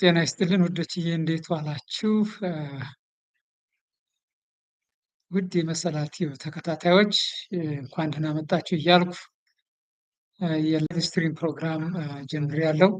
ጤና ይስጥልን ውዶችዬ፣ እንዴት ዋላችሁ? ውድ የመሰላቲው ተከታታዮች እንኳን ደህና መጣችሁ እያልኩ የላይቭ ስትሪም ፕሮግራም ጀምሬያለሁ።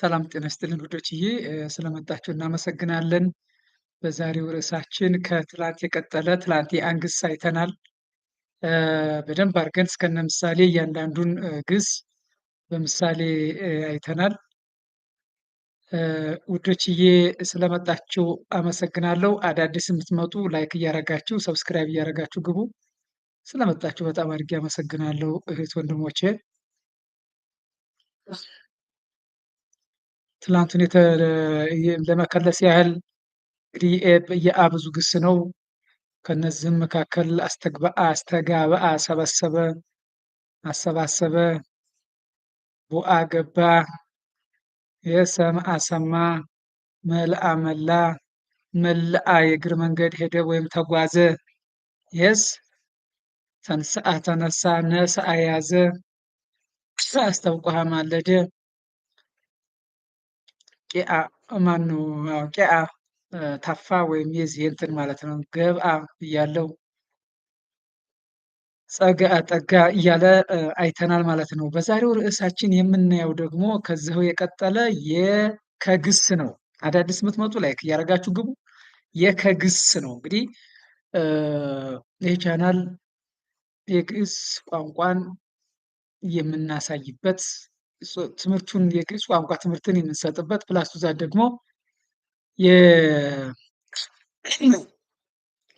ሰላም ጤና ይስጥልን ውዶችዬ፣ ስለመጣችሁ እናመሰግናለን። በዛሬው ርዕሳችን ከትላንት የቀጠለ ትላንት አንግስ አይተናል። በደንብ አድርገን እስከነ ምሳሌ እያንዳንዱን ግስ በምሳሌ አይተናል። ውዶችዬ ስለመጣችሁ አመሰግናለሁ። አዳዲስ የምትመጡ ላይክ እያረጋችሁ ሰብስክራይብ እያረጋችሁ ግቡ። ስለመጣችሁ በጣም አድርጌ አመሰግናለሁ እህት ወንድሞቼ። ትላንት ሁኔታ ለመከለስ ያህል እንግዲህ የአብዙ ግስ ነው። ከነዚህም መካከል አስተጋብአ ሰበሰበ፣ አሰባሰበ፣ ቡአ ገባ፣ የሰምአ ሰማ፣ መልአ መላ፣ መልአ የእግር መንገድ ሄደ ወይም ተጓዘ፣ የስ ተንስአ ተነሳ፣ ነስአ ያዘ፣ አስታውቆሃ ማለደ ቄአ ቄአ ታፋ ወይም የዚህ የእንትን ማለት ነው። ገብአ እያለው ጸግአ ጠጋ እያለ አይተናል ማለት ነው። በዛሬው ርዕሳችን የምናየው ደግሞ ከዚው የቀጠለ የከግስ ነው። አዳዲስ የምትመጡ ላይክ እያደረጋችሁ ግቡ። የከግስ ነው እንግዲህ ይህ ቻናል የግዕዝ ቋንቋን የምናሳይበት ትምህርቱን የግዕዝ ቋንቋ ትምህርትን የምንሰጥበት ፕላስቱ ቱ ዛት ደግሞ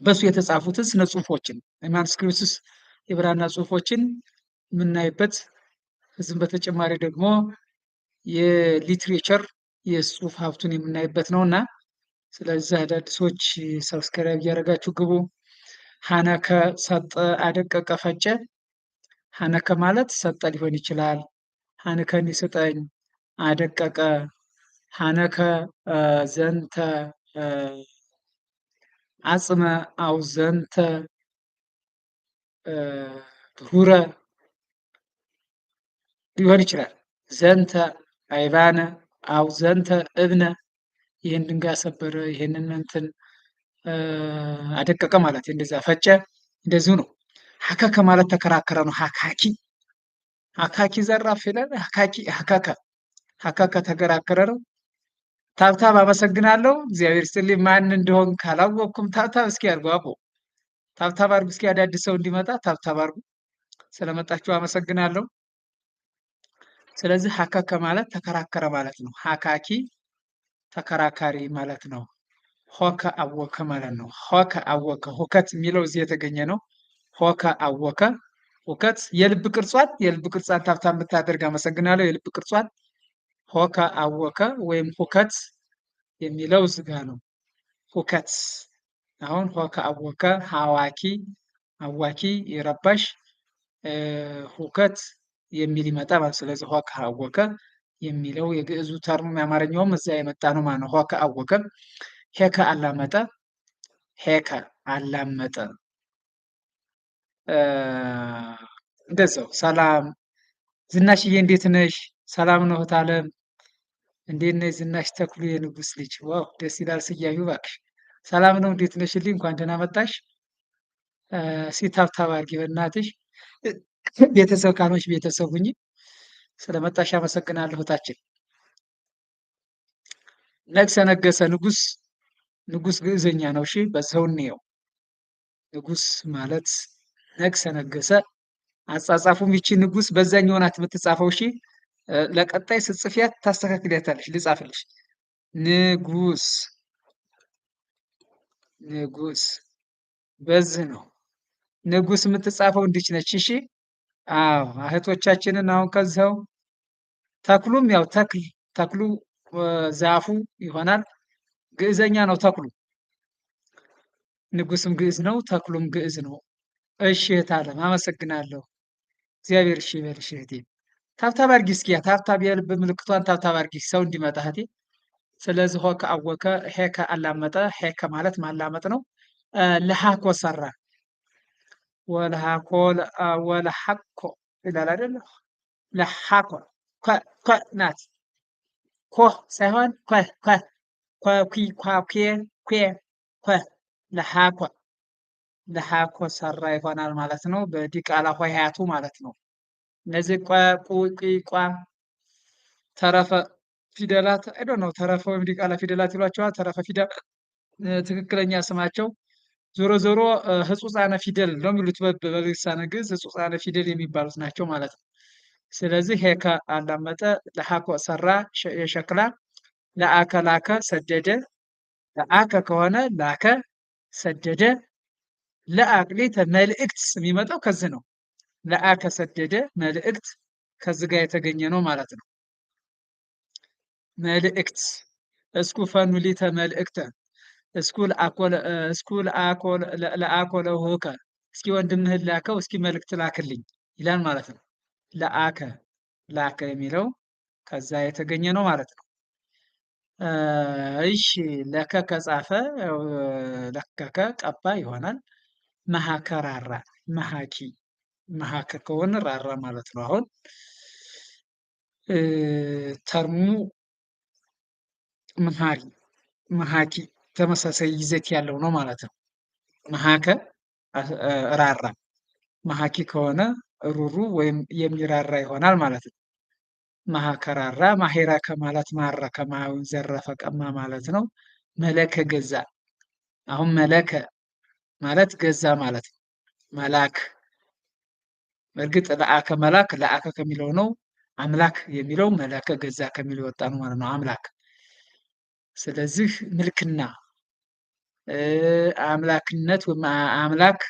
በእሱ የተጻፉትን ስነ ጽሁፎችን ማንስክሪፕትስ የብራና ጽሁፎችን የምናይበት እዚህም በተጨማሪ ደግሞ የሊትሬቸር የጽሁፍ ሀብቱን የምናይበት ነው እና ስለዚህ አዳዲሶች ሰብስክራይብ እያደረጋችሁ ግቡ። ሀነከ ሰጠ፣ አደቀቀ፣ ፈጨ። ሀነከ ማለት ሰጠ ሊሆን ይችላል። ሀንከኒ ስጠኝ አደቀቀ ሀነከ ዘንተ አጽመ አውዘንተ ሁረ ሊሆን ይችላል። ዘንተ አይባነ አውዘንተ እብነ ይህን ድንጋይ ሰበረ፣ ይህንን እንትን አደቀቀ ማለት እንደዛ ፈጨ፣ እንደዚሁ ነው። ሀከከ ማለት ተከራከረ ነው። ሀካኪ አካኪ ዘራፍ ይላል። አካኪ ሀካካ ሀካካ ተከራከረ ነው። ታብታብ አመሰግናለሁ። እግዚአብሔር ይስጥልኝ። ማን እንደሆን ካላወቅኩም ታብታብ እስኪ አድርጎ አቦ ታብታብ አድርጉ እስኪ አዳዲስ ሰው እንዲመጣ ታብታብ አድርጉ። ስለመጣችሁ አመሰግናለሁ። ስለዚህ ሀከከ ማለት ተከራከረ ማለት ነው። ሀካኪ ተከራካሪ ማለት ነው። ሆከ አወከ ማለት ነው። ሆከ አወከ ሁከት የሚለው እዚህ የተገኘ ነው። ሆከ አወከ ሁከት የልብ ቅርጿን የልብ ቅርጿን ታብታብ የምታደርግ አመሰግናለሁ። የልብ ቅርጿን ሆከ አወከ ወይም ሁከት የሚለው ዝጋ ነው። ሁከት አሁን ሆከ አወከ ሀዋኪ አዋኪ የረባሽ ሁከት የሚል ይመጣ ማለት ስለዚህ ሆከ አወከ የሚለው የግዕዙ ተርሙ የአማርኛውም እዛ የመጣ ነው ማለት ነው። ሆከ አወከ ሄከ አላመጠ ሄከ አላመጠ እንደዛው ሰላም ዝናሽዬ፣ እንዴት ነሽ? ሰላም ነው እህት አለም እንዴት ነሽ? ዝናሽ ተክሉ የንጉስ ልጅ ዋው፣ ደስ ይላል ስያዩ እባክሽ። ሰላም ነው እንዴት ነሽ? ልኝ እንኳን ደህና መጣሽ። ሲታብታብ አድርጊ በእናትሽ። ቤተሰብ ካልሆንሽ ቤተሰብ ሁኚ። ስለመጣሽ አመሰግናለሁ እህታችን። ነግሰ ነገሰ ንጉስ ንጉስ ግዕዘኛ ነው። እሺ በሰውን ነው ንጉስ ማለት ነግሰ ነገሰ አጻጻፉም ይቺ ንጉስ በዛኛው ናት የምትጻፈው። እሺ ለቀጣይ ስጽፊያት ታስተካክልያታለሽ። ልጻፍልሽ ንጉስ ንጉስ በዚህ ነው ንጉስ የምትጻፈው እንዲች ነች። እሺ አዎ እህቶቻችንን አሁን ከዚው ተክሉም ያው ተክል ተክሉ ዛፉ ይሆናል። ግዕዘኛ ነው ተክሉ። ንጉስም ግዕዝ ነው፣ ተክሉም ግዕዝ ነው። እሺ እህት አለም አመሰግናለሁ። እግዚአብሔር እሺ ይበልሽ እህቴ። ታብታብ አርጊ እስኪ ታብታብ የልብ ምልክቷን ታብታብ አርጊ ሰው እንዲመጣ እህቴ። ስለዚህ ሆከ አወከ ሄከ አላመጠ ሄከ ማለት ማላመጥ ነው። ለሃኮ ሰራ ወለሃኮ ወለሃኮ ይላል አይደለ? ለሃኮ ኮ ናት ኮ ሳይሆን ኮ ኮ ኮ ኳ ኬ ኬ ኮ ለሃኮ ለሀ ሰራ ይሆናል ማለት ነው። በዲቃላ ሆሄያቱ ማለት ነው። እነዚህ ቋ፣ ቁ፣ ቋ ተረፈ ፊደላት አይዶ ነው። ተረፈ ወይም ዲቃላ ፊደላት ይሏቸዋል። ተረፈ ፊደል ትክክለኛ ስማቸው ዞሮ ዞሮ ህጹጻነ ፊደል ነው የሚሉት በልሳነ ግዕዝ ህጹጻነ ፊደል የሚባሉት ናቸው ማለት ነው። ስለዚህ ሄከ አላመጠ፣ ለሐ ሰራ የሸክላ፣ ለአከ ላከ ሰደደ፣ ለአከ ከሆነ ላከ ሰደደ ለአቅሌተ መልእክት የሚመጣው ከዚህ ነው። ለአ ከሰደደ መልእክት ከዚህ ጋር የተገኘ ነው ማለት ነው። መልእክት እስኩ ፈኑሊተ መልእክተ እስኩ ለአኮለ ሆከ እስኪ ወንድምህን ላከው እስኪ መልእክት ላክልኝ ይላል ማለት ነው። ለአከ ላከ የሚለው ከዛ የተገኘ ነው ማለት ነው። እሺ ለከ ከጻፈ ለከከ ቀባ ይሆናል። መሀከ ራራ መሀኪ መሀከ ከሆነ ራራ ማለት ነው። አሁን ተርሙ መሀሪ መሀኪ ተመሳሳይ ይዘት ያለው ነው ማለት ነው። መሀከ ራራ መሀኪ ከሆነ ሩሩ ወይም የሚራራ ይሆናል ማለት ነው። መሀከራራ ማሄራ ከማለት ማራ ከማዊ ዘረፈ ቀማ ማለት ነው። መለከ ገዛ አሁን መለከ ማለት ገዛ ማለት ነው። መላክ በእርግጥ ለአከ መላክ ለአከ ከሚለው ነው። አምላክ የሚለው መላከ ገዛ ከሚለው የወጣ ነው ማለት ነው። አምላክ ስለዚህ ምልክና አምላክነት ወይም አምላክ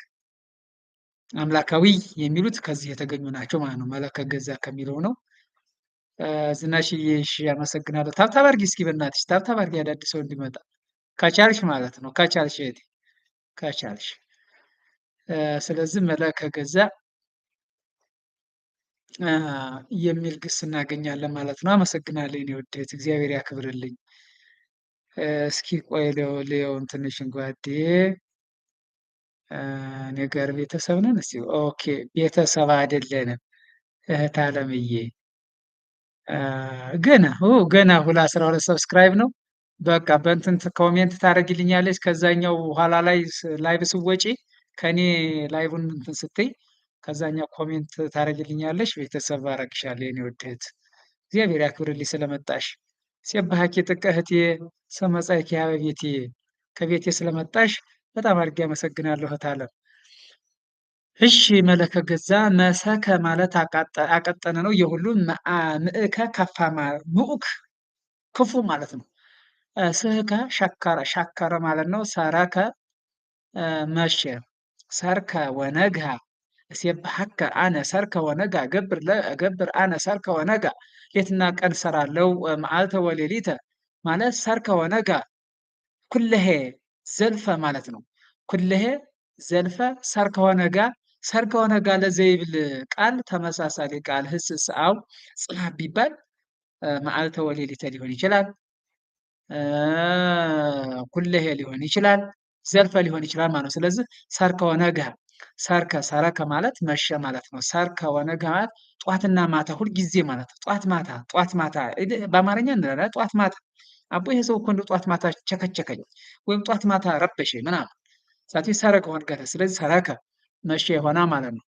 አምላካዊ የሚሉት ከዚህ የተገኙ ናቸው ማለት ነው። መላከ ገዛ ከሚለው ነው። ዝናሽዬ እሺ፣ አመሰግናለሁ። ታብታብ አድርጊ እስኪ በእናትሽ ታብታብ አድርጊ፣ አዳዲስ እንዲመጣ ከቻልሽ ማለት ነው። ከቻልሽ እህቴ ከቻልሽ ስለዚህ መለ ከገዛ የሚል ግስ እናገኛለን ማለት ነው። አመሰግናለሁ እኔ ውዴት፣ እግዚአብሔር ያክብርልኝ። እስኪ ቆይ ሊየውን ትንሽን ጓዴ ነገር ቤተሰብ ነን። እስኪ ኦኬ፣ ቤተሰብ አይደለንም እህት አለምዬ ገና ገና ሁላ አስራ ሁለት ሰብስክራይብ ነው በቃ በእንትን ኮሜንት ታደርግልኛለች። ከዛኛው ኋላ ላይ ላይቭ ስወጪ ከኔ ላይቭን እንትን ስትይ ከዛኛው ኮሜንት ታደርግልኛለች። ቤተሰብ ባረክሻለሁ የኔ ውድ እህት፣ እግዚአብሔር ያክብርልኝ ስለመጣሽ። ሴባሀኬ ጥቀ እህቴ ሰመጻይ ኪያበ ቤቴ ከቤቴ ስለመጣሽ በጣም አድርጌ አመሰግናለሁ እህት እሺ መለከ ገዛ መሰከ ማለት አቀጠነ ነው። የሁሉም ምእከ ከፋ ምዑክ ክፉ ማለት ነው። ስህከ ሸከረ ሸከረ ማለት ነው። ሰረከ መሸ ሰርከ ወነግሃ እሴብሐከ አነ ሰርከ ወነጋ ገብር አነ ሰርከ ወነጋ ሌትና ቀን ሰራለው መዓልተ ወሌሊተ ማለት ሰርከ ወነጋ ኩለሄ ዘልፈ ማለት ነው። ኩለሄ ዘልፈ ሰርከ ወነጋ ሰርከ ወነጋ ለዘይብል ቃል ተመሳሳሊ ቃል ህስ ሰአው ጽናብ ቢባል መዓልተ ወሌሊተ ሊሆን ይችላል። ኩለሄ ሊሆን ይችላል፣ ዘልፈ ሊሆን ይችላል ማለት ነው። ስለዚህ ሰርከ ወነግሀ ሰርከ ሰረከ ማለት መሸ ማለት ነው። ሰርከ ወነግሀ ማለት ጠዋትና ማታ ሁልጊዜ ማለት ነው። ጠዋት ማታ ጠዋት ማታ በአማርኛ እንላለን። ጠዋት ማታ አቦ ይሄ ሰው እኮ እንደው ጠዋት ማታ ቸከቸከኝ ወይም ጠዋት ማታ ረበሸ ምናምን ሳት ሰረከ ወነግሀ። ስለዚህ ሰረከ መሸ የሆነ ማለት ነው።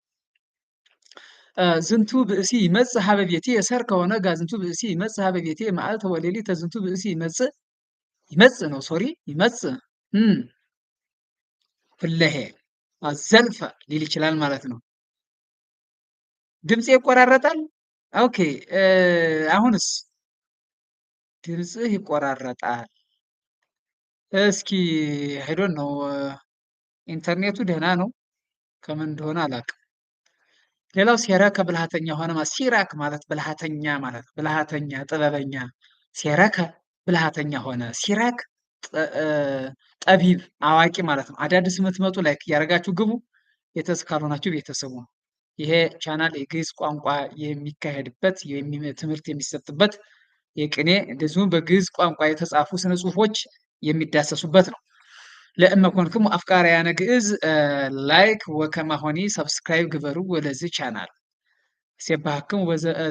ዝንቱ ብእሲ ይመጽእ ሀበ ቤቴ የሰርከ ወነግሀ ዝንቱ ብእሲ ይመጽእ ሀበ ቤቴ መዓልተ ወሌሊተ ዝንቱ ብእሲ ይመጽእ ይመጽ ነው ሶሪ ይመጽ ፍለሄ አዘልፈ ሊል ይችላል ማለት ነው። ድምፅ ይቆራረጣል። ኦኬ አሁንስ ድምፅህ ይቆራረጣል። እስኪ ሄዶን ነው ኢንተርኔቱ ደህና ነው ከምን እንደሆነ አላውቅም። ሌላው ሴረከ ብልሃተኛ ሆነማ ሲራክ ማለት ብልሃተኛ ማለት ብልሃተኛ ጥበበኛ ሴረከ ብልሃተኛ ሆነ። ሲራክ ጠቢብ አዋቂ ማለት ነው። አዳዲስ የምትመጡ ላይክ እያደረጋችሁ ግቡ። ቤተሰብ ካልሆናችሁ ቤተሰቡ ነው። ይሄ ቻናል የግዕዝ ቋንቋ የሚካሄድበት ትምህርት የሚሰጥበት የቅኔ እንደዚሁም በግዕዝ ቋንቋ የተጻፉ ስነ ጽሁፎች የሚዳሰሱበት ነው። ለእመኮንክሙ አፍቃሪያነ ግዕዝ ላይክ ወከማሆኒ ሰብስክራይብ ግበሩ ወለዚ ቻናል ሴባህክሙ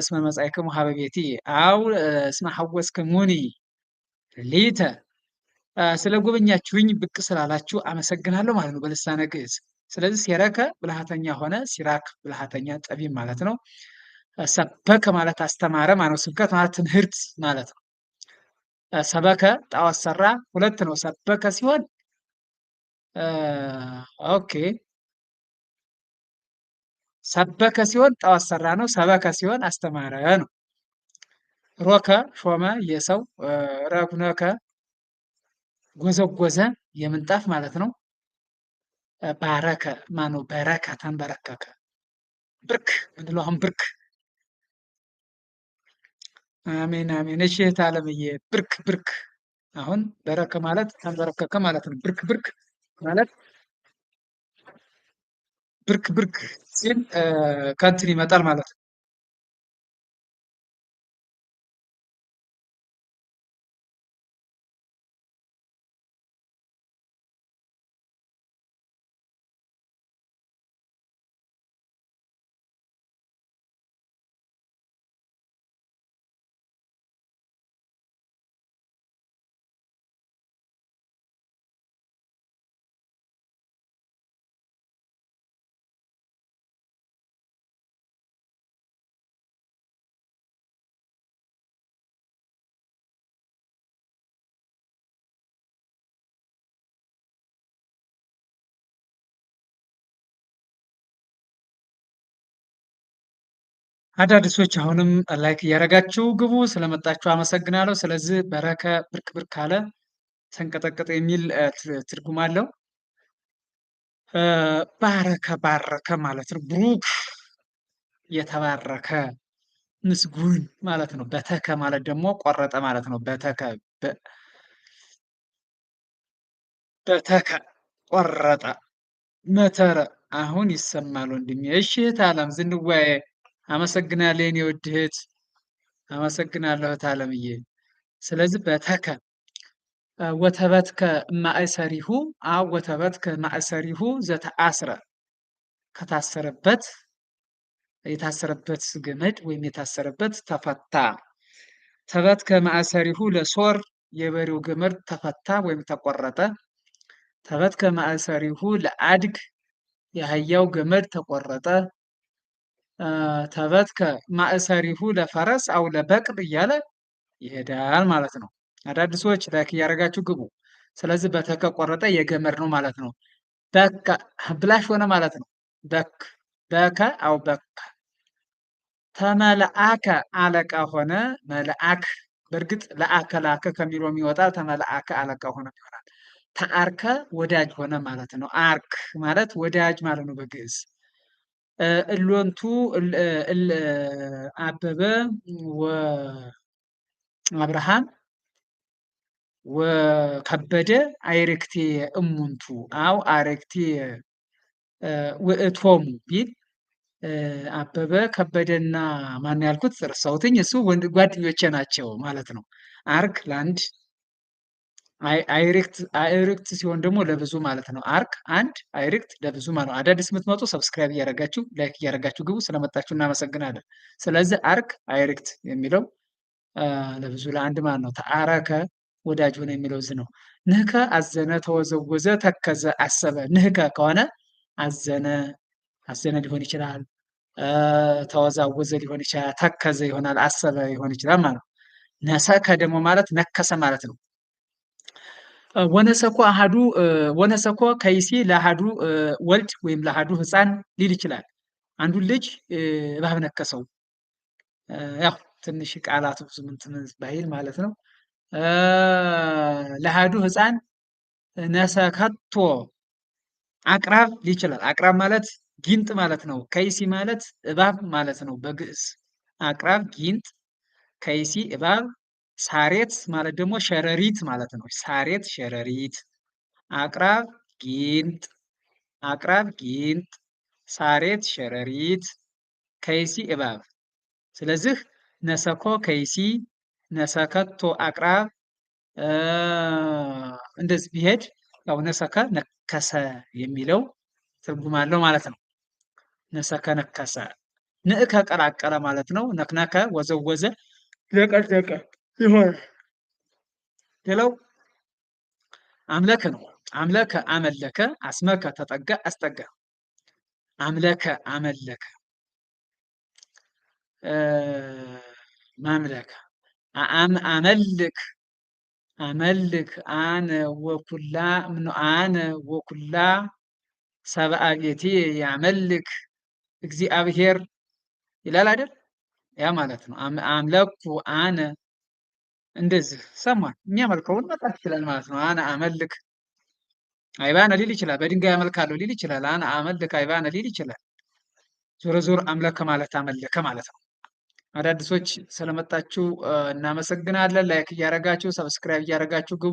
እስመ መጻእክሙ ሀበቤቲ አው እስመ ሐወስክሙኒ ሊተ ስለ ጎበኛችሁኝ ብቅ ስላላችሁ አመሰግናለሁ ማለት ነው በልሳነ ግዕዝ። ስለዚህ ሴረከ ብልሃተኛ ሆነ፣ ሲራክ ብልሃተኛ ጠቢብ ማለት ነው። ሰበከ ማለት አስተማረ ማለት ነው። ስብከት ማለት ትምህርት ማለት ነው። ሰበከ ጣዖት ሰራ ሁለት ነው። ሰበከ ሲሆን ኦኬ ሰበከ ሲሆን ጣዖት ሰራ ነው። ሰበከ ሲሆን አስተማረ ነው። ሮከ ሾመ የሰው ረጉነከ ጎዘጎዘ የምንጣፍ ማለት ነው። ባረከ ማነው በረከ ተንበረከከ ብርክ ምንድነው? አሁን ብርክ አሜን አሜን። እሺ እህት አለምዬ ብርክ ብርክ። አሁን በረከ ማለት ተንበረከከ ማለት ነው። ብርክ ብርክ ማለት ብርክ ብርክ ሲል ከእንትን ይመጣል ማለት ነው። አዳዲሶች አሁንም ላይክ እያደረጋችሁ ግቡ። ስለመጣችሁ አመሰግናለሁ። ስለዚህ በረከ ብርክ ብርክ አለ ተንቀጠቀጠ የሚል ትርጉም አለው። ባረከ ባረከ ማለት ነው። ብሩክ የተባረከ ምስጉን ማለት ነው። በተከ ማለት ደግሞ ቆረጠ ማለት ነው። በተከ በተከ ቆረጠ መተረ አሁን ይሰማል ወንድሜ። እሺ የት ዓለም ዝንዋዬ አመሰግናለሁ የኔ ውድ እህት አመሰግናለሁ እህት አለምዬ። ስለዚህ በተከ ወተበትከ ማእሰሪሁ አብ ወተበትከ ማእሰሪሁ ዘተአስረ ከታሰረበት የታሰረበት ገመድ ወይም የታሰረበት ተፈታ። ተበት ከማእሰሪሁ ለሶር የበሬው ገመድ ተፈታ ወይም ተቆረጠ። ተበት ከማእሰሪሁ ለአድግ የአህያው ገመድ ተቆረጠ። ተበትከ ማእሰሪሁ ለፈረስ አው ለበቅል እያለ ይሄዳል ማለት ነው። አዳዲሶች ላይክ እያደረጋችሁ ግቡ። ስለዚህ በተከ ቆረጠ የገመድ ነው ማለት ነው። በከ ብላሽ ሆነ ማለት ነው። በክ በከ አው በከ ተመልአከ አለቃ ሆነ መልአክ በእርግጥ ለአከ ላከ ከሚለው የሚወጣ ተመልአከ አለቃ ሆነ ይሆናል። ተአርከ ወዳጅ ሆነ ማለት ነው። አርክ ማለት ወዳጅ ማለት ነው በግዕዝ እሎንቱ አበበ ወአብርሃም ወከበደ አይሬክቴ እሙንቱ አው አሬክቴ ውእቶሙ ቢል አበበ ከበደና ማን ያልኩት ረሳሁትኝ። እሱ ጓደኞቼ ናቸው ማለት ነው። አርክ ላንድ አይሪክት ሲሆን ደግሞ ለብዙ ማለት ነው። አርክ አንድ አይሪክት ለብዙ ማለት ነው። አዳዲስ የምትመጡ ሰብስክራይብ እያደረጋችሁ ላይክ እያደረጋችሁ ግቡ። ስለመጣችሁ እናመሰግናለን። ስለዚህ አርክ አይሪክት የሚለው ለብዙ ለአንድ ማለት ነው። ተአረከ ወዳጅ ሆነ የሚለው እዚህ ነው። ንህከ አዘነ፣ ተወዘወዘ፣ ተከዘ፣ አሰበ። ንህከ ከሆነ አዘነ አዘነ ሊሆን ይችላል። ተወዛወዘ ሊሆን ይችላል። ተከዘ ይሆናል። አሰበ ሊሆን ይችላል ማለት ነው። ነሰከ ደግሞ ማለት ነከሰ ማለት ነው። ወነሰኮ አሃዱ ወነሰኮ ከይሲ ለአሃዱ ወልድ ወይም ለአሃዱ ህፃን ሊል ይችላል። አንዱን ልጅ እባብ ነከሰው። ያው ትንሽ ቃላቱ ስምንት ባይል ማለት ነው። ለአሃዱ ህፃን ነሰከቶ አቅራብ ሊ ይችላል። አቅራብ ማለት ጊንጥ ማለት ነው። ከይሲ ማለት እባብ ማለት ነው በግዕዝ አቅራብ ጊንጥ፣ ከይሲ እባብ ሳሬት ማለት ደግሞ ሸረሪት ማለት ነው። ሳሬት ሸረሪት፣ አቅራብ ጊንጥ አቅራብ ጊንጥ፣ ሳሬት ሸረሪት፣ ከይሲ እባብ። ስለዚህ ነሰኮ ከይሲ፣ ነሰከቶ አቅራብ እንደዚህ ቢሄድ ያው ነሰከ ነከሰ የሚለው ትርጉም አለው ማለት ነው። ነሰከ ነከሰ፣ ንእከ ከቀላቀለ ማለት ነው። ነክነከ ወዘወዘ፣ ደቀደቀ ይሆናል። ሌላው አምለከ ነው። አምለከ አመለከ፣ አስመከ ተጠጋ፣ አስጠጋ። አምለከ አመለከ፣ ማምለከ፣ አመልክ አመልክ፣ አነ ወኩላ ምኖ አነ ወኩላ ሰብአ ቤቴ ያመልክ እግዚአብሔር ይላል አይደል? ያ ማለት ነው። አምለኩ አነ እንደዚህ ሰማን መልከውን መጣት ይችላል ማለት ነው። አነ አመልክ አይባነ ሊል ይችላል። በድንጋይ አመልካለሁ ሊል ይችላል። አነ አመልክ አይባነ ሊል ይችላል። ዞሮ ዞሮ አምለከ ማለት አመለከ ማለት ነው። አዳዲሶች ስለመጣችሁ እናመሰግናለን። ላይክ እያረጋችሁ ሰብስክራይብ እያረጋችሁ ግቡ።